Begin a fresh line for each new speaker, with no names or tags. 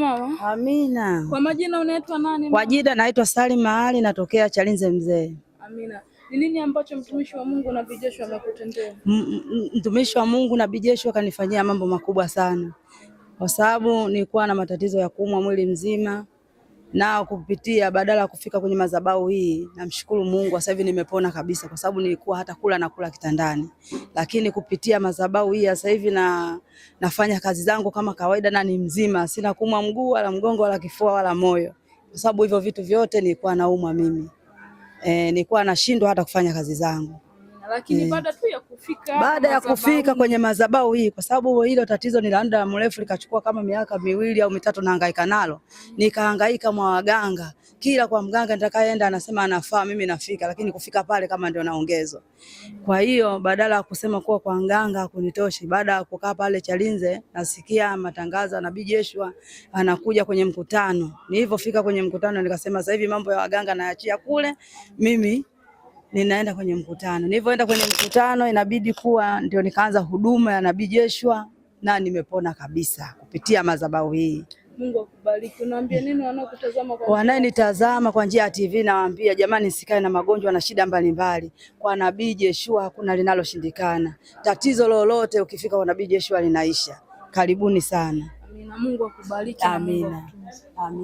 Mama. Amina.
Kwa majina unaitwa nani?
Kwa jina naitwa Salima Ali natokea Chalinze mzee.
Amina. Ni nini ambacho mtumishi wa Mungu na Bijeshwa amekutendea?
Mtumishi wa Mungu na Bijeshwa akanifanyia mambo makubwa sana, kwa sababu nilikuwa na matatizo ya kuumwa mwili mzima, na kupitia badala ya kufika kwenye madhabahu hii, namshukuru Mungu sasa hivi nimepona kabisa, kwa sababu nilikuwa hata kula na kula kitandani, lakini kupitia madhabahu hii sasa hivi na nafanya kazi zangu kama kawaida na ni mzima, sina kumwa mguu wala mgongo wala kifua wala moyo, kwa sababu hivyo vitu vyote nilikuwa naumwa mimi. E, nilikuwa nashindwa hata kufanya kazi zangu
lakini eh. baada tu ya kufika
baada ya kufika kwenye madhabahu hii, kwa sababu hilo tatizo ni la muda mrefu, likachukua kama miaka miwili au mitatu nahangaika nalo mm. Nikahangaika mwa waganga, kila kwa mganga nitakayeenda anasema anafaa, mimi nafika, lakini kufika pale kama ndio naongezwa Kwa hiyo badala ya kusema kuwa kwa mganga kunitoshi, baada ya kukaa pale Chalinze nasikia matangazo na Bi Jeshua anakuja kwenye mkutano. Nilivyofika kwenye mkutano nikasema sasa hivi mambo ya waganga nayaachia kule mimi ninaenda kwenye mkutano. Nilivyoenda kwenye mkutano, inabidi kuwa ndio nikaanza huduma ya Nabii Joshua na nimepona kabisa kupitia madhabahu hii.
Mungu akubariki. Unaambia nini wanaokutazama kwa
wanayenitazama kwa njia ya TV? Nawaambia jamani, sikae na magonjwa na shida mbalimbali. Kwa Nabii Jeshua hakuna linaloshindikana. Tatizo lolote ukifika kwa Nabii Jeshua linaisha. Karibuni sana.
Amina. Mungu akubariki.
Amina. Amina.